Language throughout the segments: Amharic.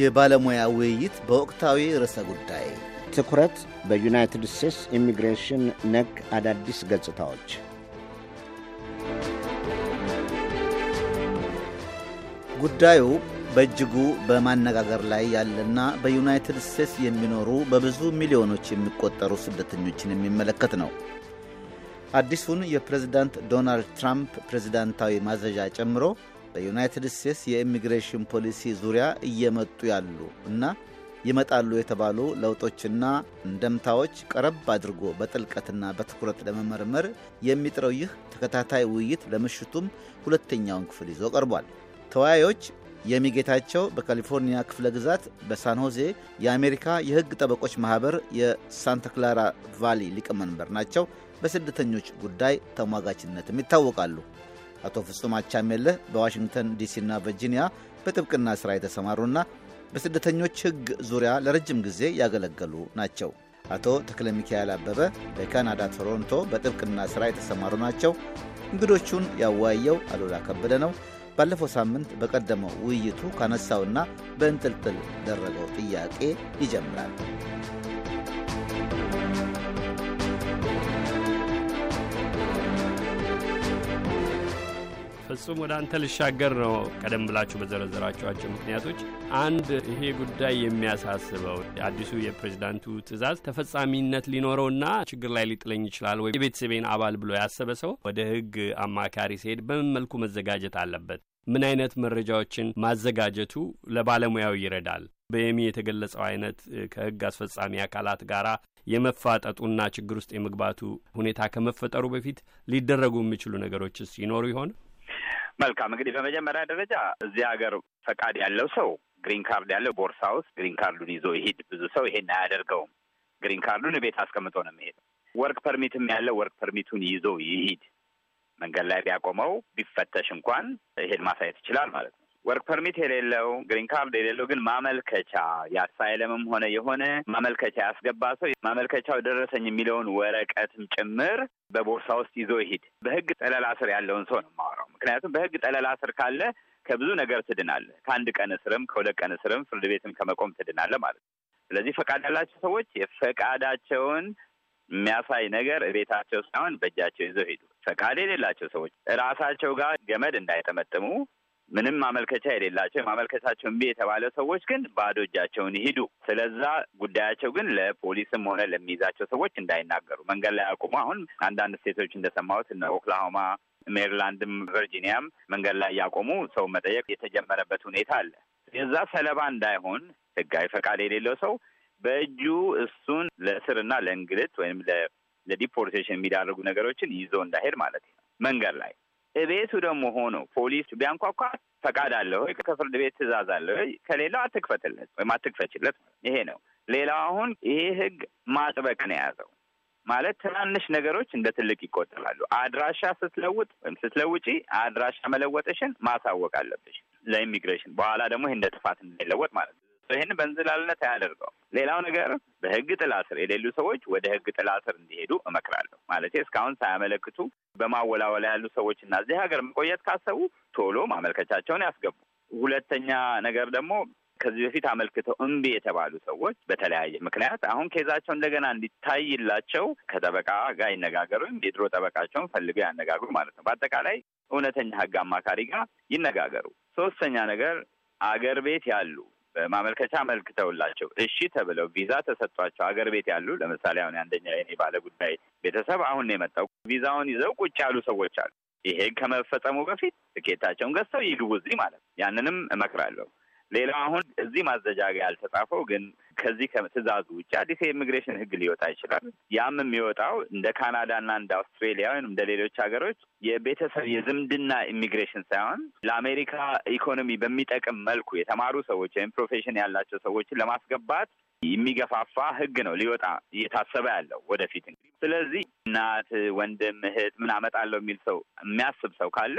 የባለሙያ ውይይት በወቅታዊ ርዕሰ ጉዳይ ትኩረት በዩናይትድ ስቴትስ ኢሚግሬሽን ነክ አዳዲስ ገጽታዎች ጉዳዩ በእጅጉ በማነጋገር ላይ ያለና በዩናይትድ ስቴትስ የሚኖሩ በብዙ ሚሊዮኖች የሚቆጠሩ ስደተኞችን የሚመለከት ነው። አዲሱን የፕሬዝዳንት ዶናልድ ትራምፕ ፕሬዝዳንታዊ ማዘዣ ጨምሮ በዩናይትድ ስቴትስ የኢሚግሬሽን ፖሊሲ ዙሪያ እየመጡ ያሉ እና ይመጣሉ የተባሉ ለውጦችና እንደምታዎች ቀረብ አድርጎ በጥልቀትና በትኩረት ለመመርመር የሚጥረው ይህ ተከታታይ ውይይት ለምሽቱም ሁለተኛውን ክፍል ይዞ ቀርቧል። ተወያዮች የሚጌታቸው በካሊፎርኒያ ክፍለ ግዛት በሳን ሆዜ የአሜሪካ የሕግ ጠበቆች ማኅበር የሳንታ ክላራ ቫሊ ሊቀመንበር ናቸው። በስደተኞች ጉዳይ ተሟጋችነትም ይታወቃሉ። አቶ ፍጹም አቻሜለህ በዋሽንግተን ዲሲና ቨርጂኒያ በጥብቅና ሥራ የተሰማሩና በስደተኞች ሕግ ዙሪያ ለረጅም ጊዜ ያገለገሉ ናቸው። አቶ ተክለ ሚካኤል አበበ በካናዳ ቶሮንቶ በጥብቅና ሥራ የተሰማሩ ናቸው። እንግዶቹን ያወያየው አሉላ ከበደ ነው። ባለፈው ሳምንት በቀደመው ውይይቱ ካነሳውና በእንጥልጥል ደረገው ጥያቄ ይጀምራል። ፍጹም ወደ አንተ ልሻገር ነው። ቀደም ብላችሁ በዘረዘራችኋቸው ምክንያቶች አንድ ይሄ ጉዳይ የሚያሳስበው አዲሱ የፕሬዚዳንቱ ትዕዛዝ ተፈጻሚነት ሊኖረውና ችግር ላይ ሊጥለኝ ይችላል ወይ የቤተሰቤን አባል ብሎ ያሰበ ሰው ወደ ሕግ አማካሪ ሲሄድ በምን መልኩ መዘጋጀት አለበት? ምን አይነት መረጃዎችን ማዘጋጀቱ ለባለሙያው ይረዳል? በየሚ የተገለጸው አይነት ከሕግ አስፈጻሚ አካላት ጋር የመፋጠጡና ችግር ውስጥ የመግባቱ ሁኔታ ከመፈጠሩ በፊት ሊደረጉ የሚችሉ ነገሮችስ ይኖሩ ይሆን? መልካም እንግዲህ በመጀመሪያ ደረጃ እዚህ ሀገር ፈቃድ ያለው ሰው ግሪን ካርድ ያለው ቦርሳ ውስጥ ግሪን ካርዱን ይዞ ይሄድ። ብዙ ሰው ይሄን አያደርገውም። ግሪን ካርዱን ቤት አስቀምጦ ነው የሚሄደው። ወርክ ፐርሚትም ያለው ወርክ ፐርሚቱን ይዞ ይሂድ። መንገድ ላይ ቢያቆመው ቢፈተሽ እንኳን ይሄን ማሳየት ይችላል ማለት ነው። ወርክ ፐርሚት የሌለው ግሪን ካርድ የሌለው ግን ማመልከቻ የአሳይለምም ሆነ የሆነ ማመልከቻ ያስገባ ሰው ማመልከቻው ደረሰኝ የሚለውን ወረቀትም ጭምር በቦርሳ ውስጥ ይዞ ይሂድ። በህግ ጠለላ ስር ያለውን ሰው ነው የማወራው። ምክንያቱም በህግ ጠለላ ስር ካለ ከብዙ ነገር ትድናለ። ከአንድ ቀን እስርም ከሁለት ቀን እስርም ፍርድ ቤትም ከመቆም ትድናለ ማለት ነው። ስለዚህ ፈቃድ ያላቸው ሰዎች የፈቃዳቸውን የሚያሳይ ነገር ቤታቸው ሳይሆን በእጃቸው ይዘው ሄዱ። ፈቃድ የሌላቸው ሰዎች ራሳቸው ጋር ገመድ እንዳይጠመጥሙ ምንም ማመልከቻ የሌላቸው ማመልከቻቸው እምቢ የተባለ ሰዎች ግን ባዶ እጃቸውን ይሂዱ። ስለዛ ጉዳያቸው ግን ለፖሊስም ሆነ ለሚይዛቸው ሰዎች እንዳይናገሩ መንገድ ላይ አቁሙ። አሁን አንዳንድ ስቴቶች እንደሰማሁት እነ ኦክላሆማ ሜሪላንድም ቨርጂኒያም መንገድ ላይ ያቆሙ ሰው መጠየቅ የተጀመረበት ሁኔታ አለ። የዛ ሰለባ እንዳይሆን ህጋዊ ፈቃድ የሌለው ሰው በእጁ እሱን ለእስርና ለእንግልት ወይም ለዲፖርቴሽን የሚዳርጉ ነገሮችን ይዞ እንዳይሄድ ማለት ነው። መንገድ ላይ እቤቱ ደግሞ ሆኖ ፖሊስ ቢያንኳኳ ፈቃድ አለ ወይ ከፍርድ ቤት ትእዛዝ አለ ወይ ከሌላው አትክፈትለት ወይም አትክፈችለት። ይሄ ነው። ሌላው አሁን ይሄ ህግ ማጥበቅ ነው የያዘው ማለት ትናንሽ ነገሮች እንደ ትልቅ ይቆጠራሉ። አድራሻ ስትለውጥ ወይም ስትለውጪ አድራሻ መለወጠሽን ማሳወቅ አለብሽ ለኢሚግሬሽን። በኋላ ደግሞ ይህ እንደ ጥፋት እንዳይለወጥ ማለት ነው። ይህን በእንዝላልነት አያደርገው። ሌላው ነገር በህግ ጥላ ስር የሌሉ ሰዎች ወደ ህግ ጥላ ስር እንዲሄዱ እመክራለሁ። ማለት እስካሁን ሳያመለክቱ በማወላወላ ያሉ ሰዎች እና እዚህ ሀገር መቆየት ካሰቡ ቶሎ ማመልከቻቸውን ያስገቡ። ሁለተኛ ነገር ደግሞ ከዚህ በፊት አመልክተው እምቢ የተባሉ ሰዎች በተለያየ ምክንያት አሁን ኬዛቸው እንደገና እንዲታይላቸው ከጠበቃ ጋር ይነጋገሩ፣ የድሮ ጠበቃቸውን ፈልገው ያነጋግሩ ማለት ነው። በአጠቃላይ እውነተኛ ህግ አማካሪ ጋር ይነጋገሩ። ሶስተኛ ነገር አገር ቤት ያሉ በማመልከቻ አመልክተውላቸው እሺ ተብለው ቪዛ ተሰጥቷቸው አገር ቤት ያሉ ለምሳሌ አሁን አንደኛ የኔ ባለ ጉዳይ ቤተሰብ አሁን ነው የመጣው ቪዛውን ይዘው ቁጭ ያሉ ሰዎች አሉ። ይሄ ከመፈጸሙ በፊት ትኬታቸውን ገዝተው ይግቡ እዚህ ማለት ነው። ያንንም እመክራለሁ። ሌላው አሁን እዚህ ማዘጃ ጋር ያልተጻፈው ግን ከዚህ ከትእዛዙ ውጭ አዲስ የኢሚግሬሽን ህግ ሊወጣ ይችላል። ያም የሚወጣው እንደ ካናዳና እንደ አውስትሬሊያ ወይም እንደ ሌሎች ሀገሮች የቤተሰብ የዝምድና ኢሚግሬሽን ሳይሆን ለአሜሪካ ኢኮኖሚ በሚጠቅም መልኩ የተማሩ ሰዎች ወይም ፕሮፌሽን ያላቸው ሰዎችን ለማስገባት የሚገፋፋ ህግ ነው ሊወጣ እየታሰበ ያለው ወደፊት እንግዲህ። ስለዚህ እናት፣ ወንድም፣ እህት ምን አመጣለሁ የሚል ሰው የሚያስብ ሰው ካለ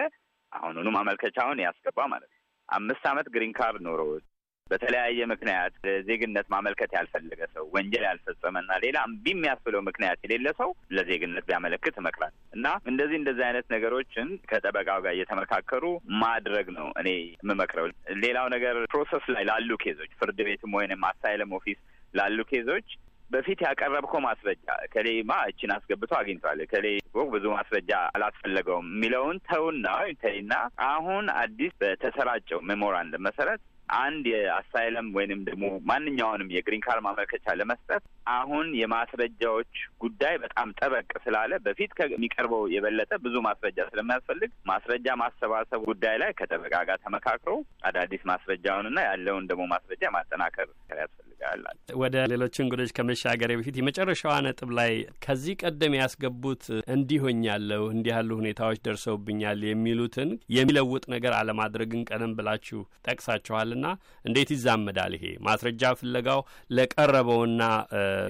አሁኑኑ ማመልከቻውን ያስገባ ማለት ነው። አምስት ዓመት ግሪን ካርድ ኖሮት በተለያየ ምክንያት ዜግነት ማመልከት ያልፈለገ ሰው ወንጀል ያልፈጸመና ሌላ እምቢ የሚያስብለው ምክንያት የሌለ ሰው ለዜግነት ቢያመለክት እመክራለሁ እና እንደዚህ እንደዚህ አይነት ነገሮችን ከጠበቃው ጋር እየተመካከሩ ማድረግ ነው እኔ የምመክረው። ሌላው ነገር ፕሮሰስ ላይ ላሉ ኬዞች ፍርድ ቤትም ወይንም አሳይለም ኦፊስ ላሉ ኬዞች በፊት ያቀረብከው ማስረጃ ከሌማ እችን አስገብቶ አግኝቷል ከሌ ብዙ ማስረጃ አላስፈለገውም የሚለውን ተውና ተይና አሁን አዲስ በተሰራጨው ሜሞራንድ መሰረት አንድ የአሳይለም ወይንም ደግሞ ማንኛውንም የግሪን ካርድ ማመልከቻ ለመስጠት አሁን የማስረጃዎች ጉዳይ በጣም ጠበቅ ስላለ በፊት ከሚቀርበው የበለጠ ብዙ ማስረጃ ስለሚያስፈልግ ማስረጃ ማሰባሰብ ጉዳይ ላይ ከጠበቃ ጋር ተመካክሮ አዳዲስ ማስረጃውንና ያለውን ደግሞ ማስረጃ ማጠናከር ያስፈልግ ያስፈልጋላል። ወደ ሌሎች እንግዶች ከመሻገር በፊት የመጨረሻዋ ነጥብ ላይ ከዚህ ቀደም ያስገቡት እንዲሆኛለሁ እንዲህ ያሉ ሁኔታዎች ደርሰውብኛል የሚሉትን የሚለውጥ ነገር አለማድረግን ቀደም ብላችሁ ጠቅሳችኋልና እንዴት ይዛመዳል ይሄ ማስረጃ ፍለጋው ለቀረበውና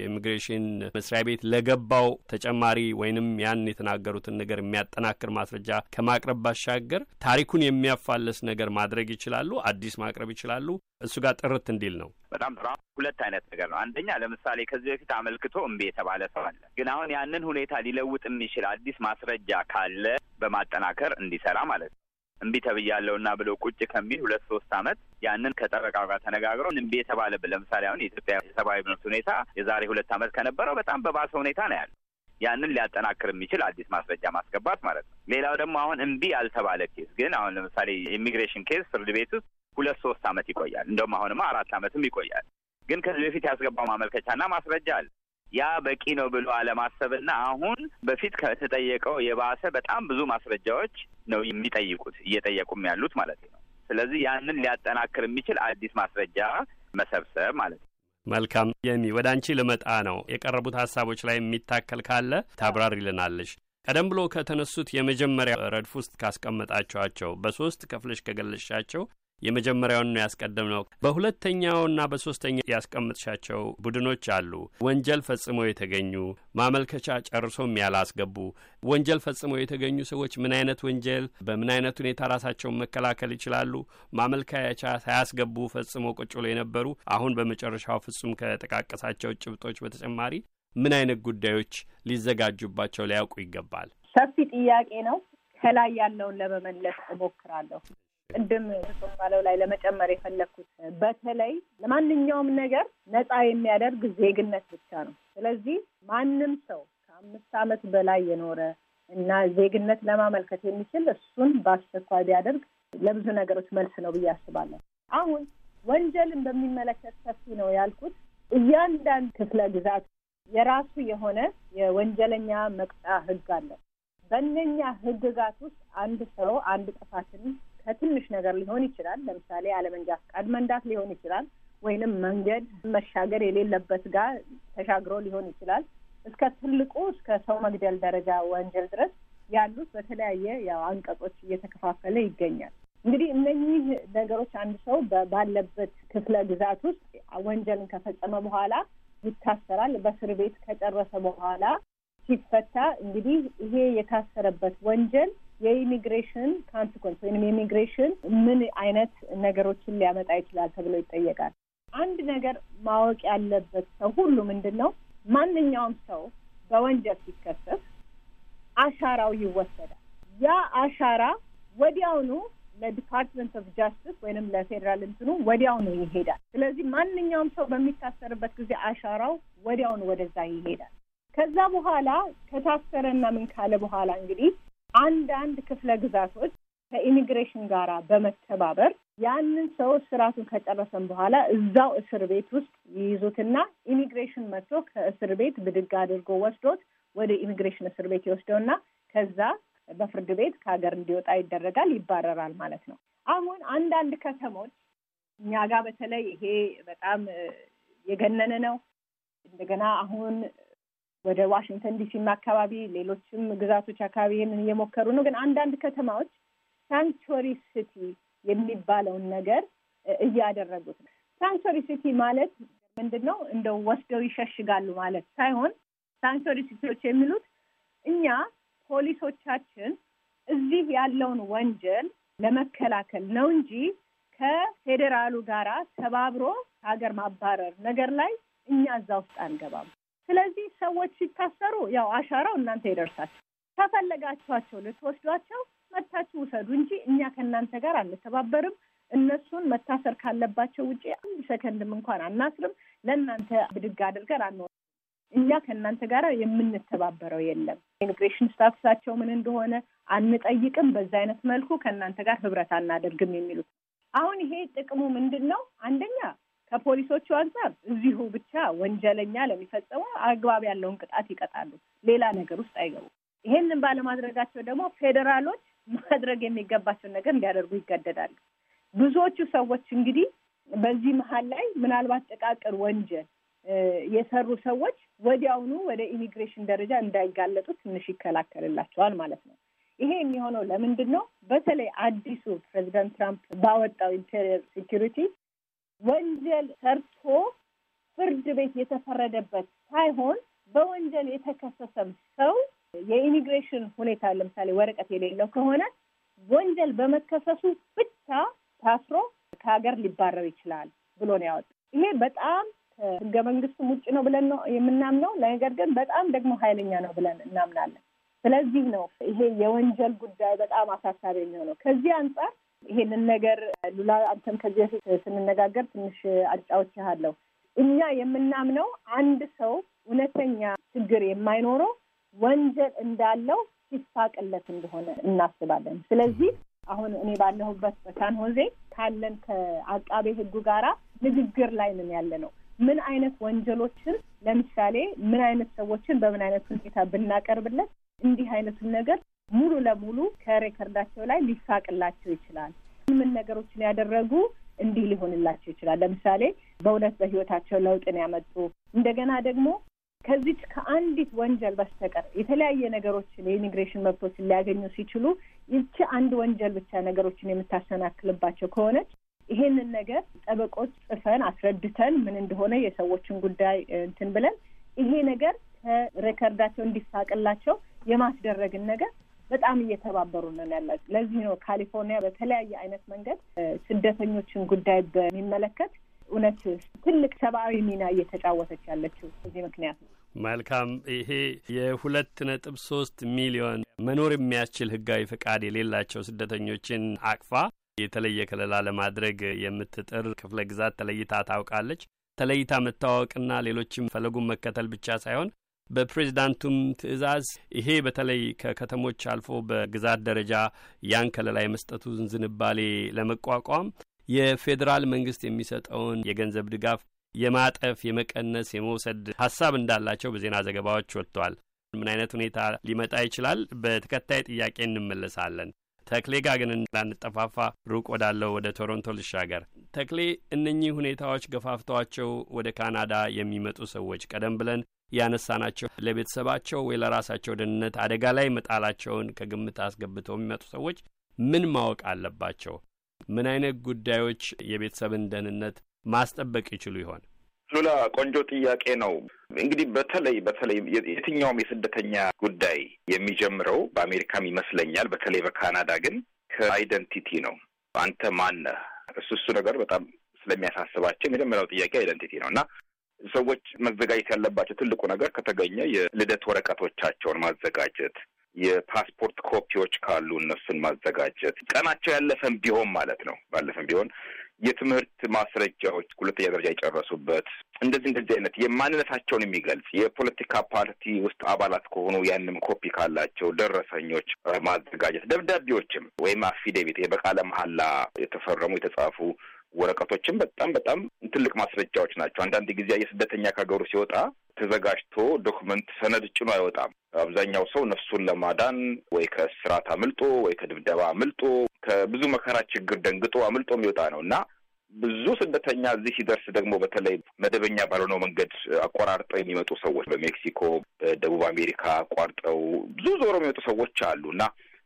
ኢሚግሬሽን መስሪያ ቤት ለገባው ተጨማሪ ወይንም ያን የተናገሩትን ነገር የሚያጠናክር ማስረጃ ከማቅረብ ባሻገር ታሪኩን የሚያፋለስ ነገር ማድረግ ይችላሉ፣ አዲስ ማቅረብ ይችላሉ። እሱ ጋር ጥርት እንዲል ነው። በጣም ጥሩ። ሁለት አይነት ነገር ነው። አንደኛ ለምሳሌ ከዚህ በፊት አመልክቶ እምቢ የተባለ ሰው አለ። ግን አሁን ያንን ሁኔታ ሊለውጥ የሚችል አዲስ ማስረጃ ካለ በማጠናከር እንዲሰራ ማለት ነው። እምቢ ተብያለሁና ብሎ ቁጭ ከሚል ሁለት ሶስት አመት ያንን ከጠበቃ ጋር ተነጋግረው እምቢ የተባለ ለምሳሌ አሁን የኢትዮጵያ የሰብአዊ መብት ሁኔታ የዛሬ ሁለት አመት ከነበረው በጣም በባሰ ሁኔታ ነው ያለው። ያንን ሊያጠናክር የሚችል አዲስ ማስረጃ ማስገባት ማለት ነው። ሌላው ደግሞ አሁን እምቢ ያልተባለ ኬስ ግን አሁን ለምሳሌ ኢሚግሬሽን ኬስ ፍርድ ቤት ውስጥ ሁለት ሶስት አመት ይቆያል። እንደውም አሁንማ አራት አመትም ይቆያል። ግን ከዚህ በፊት ያስገባው ማመልከቻና ማስረጃ አለ። ያ በቂ ነው ብሎ አለማሰብና አሁን በፊት ከተጠየቀው የባሰ በጣም ብዙ ማስረጃዎች ነው የሚጠይቁት እየጠየቁም ያሉት ማለት ነው። ስለዚህ ያንን ሊያጠናክር የሚችል አዲስ ማስረጃ መሰብሰብ ማለት ነው። መልካም የሚ ወደ አንቺ ልመጣ ነው። የቀረቡት ሀሳቦች ላይ የሚታከል ካለ ታብራሪልናለሽ። ቀደም ብሎ ከተነሱት የመጀመሪያ ረድፍ ውስጥ ካስቀመጣችኋቸው በሶስት ከፍለሽ ከገለሻቸው የመጀመሪያውን ነው ያስቀደምነው። በሁለተኛውና በሶስተኛ ያስቀምጥሻቸው ቡድኖች አሉ። ወንጀል ፈጽመው የተገኙ ማመልከቻ ጨርሶም ያላስገቡ ወንጀል ፈጽመው የተገኙ ሰዎች ምን አይነት ወንጀል በምን አይነት ሁኔታ ራሳቸውን መከላከል ይችላሉ? ማመልከቻ ሳያስገቡ ፈጽሞ ቁጭ ብሎ የነበሩ አሁን በመጨረሻው ፍጹም ከጠቃቀሳቸው ጭብጦች በተጨማሪ ምን አይነት ጉዳዮች ሊዘጋጁባቸው ሊያውቁ ይገባል? ሰፊ ጥያቄ ነው። ከላይ ያለውን ለመመለስ እሞክራለሁ። ቅድም ባለው ላይ ለመጨመር የፈለግኩት በተለይ ለማንኛውም ነገር ነፃ የሚያደርግ ዜግነት ብቻ ነው። ስለዚህ ማንም ሰው ከአምስት ዓመት በላይ የኖረ እና ዜግነት ለማመልከት የሚችል እሱን በአስቸኳይ ቢያደርግ ለብዙ ነገሮች መልስ ነው ብዬ አስባለሁ። አሁን ወንጀልን በሚመለከት ሰፊ ነው ያልኩት። እያንዳንድ ክፍለ ግዛት የራሱ የሆነ የወንጀለኛ መቅጫ ህግ አለው። በእነኛ ህግጋት ውስጥ አንድ ሰው አንድ ጥፋትን ከትንሽ ነገር ሊሆን ይችላል። ለምሳሌ አለመንጃ ፍቃድ መንዳት ሊሆን ይችላል። ወይንም መንገድ መሻገር የሌለበት ጋር ተሻግሮ ሊሆን ይችላል። እስከ ትልቁ እስከ ሰው መግደል ደረጃ ወንጀል ድረስ ያሉት በተለያየ ያው አንቀጾች እየተከፋፈለ ይገኛል። እንግዲህ እነኚህ ነገሮች አንድ ሰው ባለበት ክፍለ ግዛት ውስጥ ወንጀልን ከፈጸመ በኋላ ይታሰራል። በእስር ቤት ከጨረሰ በኋላ ሲፈታ እንግዲህ ይሄ የታሰረበት ወንጀል የኢሚግሬሽን ካንስኮንስ ወይም የኢሚግሬሽን ምን አይነት ነገሮችን ሊያመጣ ይችላል ተብሎ ይጠየቃል። አንድ ነገር ማወቅ ያለበት ሰው ሁሉ ምንድን ነው፣ ማንኛውም ሰው በወንጀል ሲከሰስ አሻራው ይወሰዳል። ያ አሻራ ወዲያውኑ ለዲፓርትመንት ኦፍ ጃስቲስ ወይንም ለፌዴራል እንትኑ ወዲያውኑ ይሄዳል። ስለዚህ ማንኛውም ሰው በሚታሰርበት ጊዜ አሻራው ወዲያውኑ ወደዛ ይሄዳል። ከዛ በኋላ ከታሰረና ምን ካለ በኋላ እንግዲህ አንዳንድ ክፍለ ግዛቶች ከኢሚግሬሽን ጋር በመተባበር ያንን ሰው ስርዓቱን ከጨረሰን በኋላ እዛው እስር ቤት ውስጥ ይይዙትና ኢሚግሬሽን መጥቶ ከእስር ቤት ብድግ አድርጎ ወስዶት ወደ ኢሚግሬሽን እስር ቤት ይወስደውና ከዛ በፍርድ ቤት ከሀገር እንዲወጣ ይደረጋል፣ ይባረራል ማለት ነው። አሁን አንዳንድ ከተሞች እኛ ጋር በተለይ ይሄ በጣም የገነነ ነው። እንደገና አሁን ወደ ዋሽንግተን ዲሲም አካባቢ ሌሎችም ግዛቶች አካባቢ ይህንን እየሞከሩ ነው። ግን አንዳንድ ከተማዎች ሳንክቹሪ ሲቲ የሚባለውን ነገር እያደረጉት ነው። ሳንክቹሪ ሲቲ ማለት ምንድን ነው? እንደው ወስደው ይሸሽጋሉ ማለት ሳይሆን ሳንክቹሪ ሲቲዎች የሚሉት እኛ ፖሊሶቻችን እዚህ ያለውን ወንጀል ለመከላከል ነው እንጂ ከፌዴራሉ ጋራ ተባብሮ ሀገር ማባረር ነገር ላይ እኛ እዛ ውስጥ አንገባም። ስለዚህ ሰዎች ሲታሰሩ ያው አሻራው እናንተ ይደርሳችሁ። ከፈለጋችኋቸው ልትወስዷቸው መታችሁ ውሰዱ እንጂ እኛ ከእናንተ ጋር አንተባበርም። እነሱን መታሰር ካለባቸው ውጭ አንድ ሰከንድም እንኳን አናስርም። ለእናንተ ብድግ አድርገን አን እኛ ከእናንተ ጋር የምንተባበረው የለም። ኢሚግሬሽን ስታትሳቸው ምን እንደሆነ አንጠይቅም። በዛ አይነት መልኩ ከእናንተ ጋር ህብረት አናደርግም የሚሉት አሁን ይሄ ጥቅሙ ምንድን ነው? አንደኛ ከፖሊሶቹ አንጻር እዚሁ ብቻ ወንጀለኛ ለሚፈጸመው አግባብ ያለውን ቅጣት ይቀጣሉ። ሌላ ነገር ውስጥ አይገቡም። ይሄንን ባለማድረጋቸው ደግሞ ፌዴራሎች ማድረግ የሚገባቸውን ነገር እንዲያደርጉ ይገደዳሉ። ብዙዎቹ ሰዎች እንግዲህ በዚህ መሀል ላይ ምናልባት ጥቃቅን ወንጀል የሰሩ ሰዎች ወዲያውኑ ወደ ኢሚግሬሽን ደረጃ እንዳይጋለጡ ትንሽ ይከላከልላቸዋል ማለት ነው። ይሄ የሚሆነው ለምንድን ነው? በተለይ አዲሱ ፕሬዚዳንት ትራምፕ ባወጣው ኢንቴሪየር ሴኪሪቲ ወንጀል ሰርቶ ፍርድ ቤት የተፈረደበት ሳይሆን በወንጀል የተከሰሰም ሰው የኢሚግሬሽን ሁኔታ ለምሳሌ ወረቀት የሌለው ከሆነ ወንጀል በመከሰሱ ብቻ ታስሮ ከሀገር ሊባረር ይችላል ብሎ ነው ያወጣው። ይሄ በጣም ህገ መንግስቱም ውጭ ነው ብለን ነው የምናምነው። ነገር ግን በጣም ደግሞ ኃይለኛ ነው ብለን እናምናለን። ስለዚህ ነው ይሄ የወንጀል ጉዳይ በጣም አሳሳቢ የሚሆነው። ከዚህ አንጻር ይሄንን ነገር ሉላ አንተም ከዚህ በፊት ስንነጋገር ትንሽ አጫውቻለሁ። እኛ የምናምነው አንድ ሰው እውነተኛ ችግር የማይኖረው ወንጀል እንዳለው ሲሳቅለት እንደሆነ እናስባለን። ስለዚህ አሁን እኔ ባለሁበት በሳን ሆዜ ካለን ከአቃቤ ሕጉ ጋራ ንግግር ላይ ምን ያለ ነው ምን አይነት ወንጀሎችን ለምሳሌ ምን አይነት ሰዎችን በምን አይነት ሁኔታ ብናቀርብለት እንዲህ አይነቱን ነገር ሙሉ ለሙሉ ከሬከርዳቸው ላይ ሊሳቅላቸው ይችላል። ምን ነገሮችን ያደረጉ እንዲህ ሊሆንላቸው ይችላል። ለምሳሌ በእውነት በህይወታቸው ለውጥን ያመጡ እንደገና ደግሞ ከዚች ከአንዲት ወንጀል በስተቀር የተለያየ ነገሮችን የኢሚግሬሽን መብቶችን ሊያገኙ ሲችሉ ይቺ አንድ ወንጀል ብቻ ነገሮችን የምታሰናክልባቸው ከሆነች ይሄንን ነገር ጠበቆች ጽፈን አስረድተን ምን እንደሆነ የሰዎችን ጉዳይ እንትን ብለን ይሄ ነገር ከሬከርዳቸው እንዲፋቅላቸው የማስደረግን ነገር በጣም እየተባበሩ ነን ያላቸው። ለዚህ ነው ካሊፎርኒያ በተለያየ አይነት መንገድ ስደተኞችን ጉዳይ በሚመለከት እውነት ትልቅ ሰብአዊ ሚና እየተጫወተች ያለችው እዚህ ምክንያት ነው። መልካም። ይሄ የሁለት ነጥብ ሶስት ሚሊዮን መኖር የሚያስችል ህጋዊ ፈቃድ የሌላቸው ስደተኞችን አቅፋ የተለየ ከለላ ለማድረግ የምትጥር ክፍለ ግዛት ተለይታ ታውቃለች። ተለይታ መታወቅና ሌሎችም ፈለጉን መከተል ብቻ ሳይሆን በፕሬዚዳንቱም ትዕዛዝ ይሄ በተለይ ከከተሞች አልፎ በግዛት ደረጃ ያን ከለላ የመስጠቱን ዝንባሌ ለመቋቋም የፌዴራል መንግስት የሚሰጠውን የገንዘብ ድጋፍ የማጠፍ፣ የመቀነስ፣ የመውሰድ ሀሳብ እንዳላቸው በዜና ዘገባዎች ወጥቷል። ምን አይነት ሁኔታ ሊመጣ ይችላል? በተከታይ ጥያቄ እንመለሳለን። ተክሌ ጋ ግን እንዳንጠፋፋ ሩቅ ወዳለው ወደ ቶሮንቶ ልሻገር። ተክሌ፣ እነኚህ ሁኔታዎች ገፋፍተዋቸው ወደ ካናዳ የሚመጡ ሰዎች ቀደም ብለን ያነሳናቸው ለቤተሰባቸው ወይ ለራሳቸው ደህንነት አደጋ ላይ መጣላቸውን ከግምት አስገብተው የሚመጡ ሰዎች ምን ማወቅ አለባቸው? ምን አይነት ጉዳዮች የቤተሰብን ደህንነት ማስጠበቅ ይችሉ ይሆን? ሉላ፣ ቆንጆ ጥያቄ ነው። እንግዲህ በተለይ በተለይ የትኛውም የስደተኛ ጉዳይ የሚጀምረው በአሜሪካም ይመስለኛል፣ በተለይ በካናዳ ግን ከአይደንቲቲ ነው። አንተ ማን እሱ እሱ ነገር በጣም ስለሚያሳስባቸው የመጀመሪያው ጥያቄ አይደንቲቲ ነው እና ሰዎች መዘጋጀት ያለባቸው ትልቁ ነገር ከተገኘ የልደት ወረቀቶቻቸውን ማዘጋጀት የፓስፖርት ኮፒዎች ካሉ እነሱን ማዘጋጀት ቀናቸው ያለፈም ቢሆን ማለት ነው። ባለፈም ቢሆን የትምህርት ማስረጃዎች ሁለተኛ ደረጃ የጨረሱበት እንደዚህ እንደዚህ አይነት የማንነታቸውን የሚገልጽ የፖለቲካ ፓርቲ ውስጥ አባላት ከሆኑ ያንም ኮፒ ካላቸው ደረሰኞች ማዘጋጀት፣ ደብዳቤዎችም ወይም አፊዴቪት በቃለ መሀላ የተፈረሙ የተጻፉ ወረቀቶችም በጣም በጣም ትልቅ ማስረጃዎች ናቸው። አንዳንድ ጊዜ የስደተኛ ከሀገሩ ሲወጣ ተዘጋጅቶ ዶክመንት ሰነድ ጭኖ አይወጣም። አብዛኛው ሰው ነፍሱን ለማዳን ወይ ከእስራት አምልጦ ወይ ከድብደባ አምልጦ ከብዙ መከራ ችግር ደንግጦ አምልጦ የሚወጣ ነው እና ብዙ ስደተኛ እዚህ ሲደርስ ደግሞ በተለይ መደበኛ ባልሆነው መንገድ አቆራርጠው የሚመጡ ሰዎች በሜክሲኮ፣ በደቡብ አሜሪካ አቋርጠው ብዙ ዞሮ የሚመጡ ሰዎች አሉ እና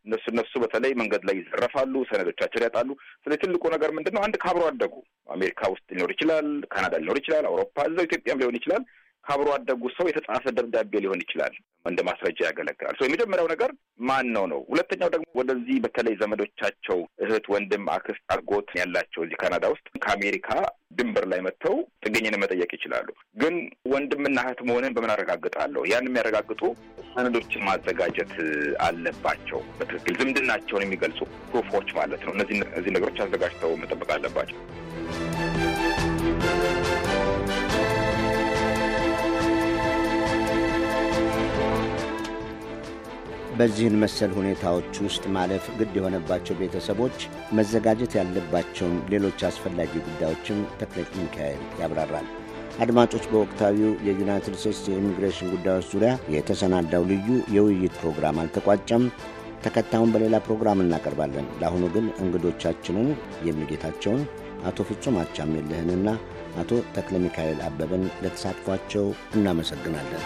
እነሱ እነሱ በተለይ መንገድ ላይ ይዘረፋሉ፣ ሰነዶቻቸውን ያጣሉ። ስለዚህ ትልቁ ነገር ምንድን ነው? አንድ ከአብሮ አደጉ አሜሪካ ውስጥ ሊኖር ይችላል፣ ካናዳ ሊኖር ይችላል፣ አውሮፓ እዛው ኢትዮጵያም ሊሆን ይችላል ከአብሮ አደጉ ሰው የተጻፈ ደብዳቤ ሊሆን ይችላል። እንደ ማስረጃ ያገለግላል። የመጀመሪያው ነገር ማን ነው ነው። ሁለተኛው ደግሞ ወደዚህ በተለይ ዘመዶቻቸው እህት፣ ወንድም፣ አክስት፣ አጎት ያላቸው እዚህ ካናዳ ውስጥ ከአሜሪካ ድንበር ላይ መጥተው ጥገኝነት መጠየቅ ይችላሉ። ግን ወንድምና እህት መሆንን በምን አረጋግጣለሁ? ያን የሚያረጋግጡ ሰነዶችን ማዘጋጀት አለባቸው። በትክክል ዝምድናቸውን የሚገልጹ ፕሩፎች ማለት ነው። እነዚህ ነገሮች አዘጋጅተው መጠበቅ አለባቸው። በዚህን መሰል ሁኔታዎች ውስጥ ማለፍ ግድ የሆነባቸው ቤተሰቦች መዘጋጀት ያለባቸውን ሌሎች አስፈላጊ ጉዳዮችን ተክለ ሚካኤል ያብራራል። አድማጮች፣ በወቅታዊው የዩናይትድ ስቴትስ የኢሚግሬሽን ጉዳዮች ዙሪያ የተሰናዳው ልዩ የውይይት ፕሮግራም አልተቋጨም። ተከታዩን በሌላ ፕሮግራም እናቀርባለን። ለአሁኑ ግን እንግዶቻችንን የሚጌታቸውን አቶ ፍጹም አቻምየለህንና አቶ ተክለ ሚካኤል አበበን ለተሳትፏቸው እናመሰግናለን።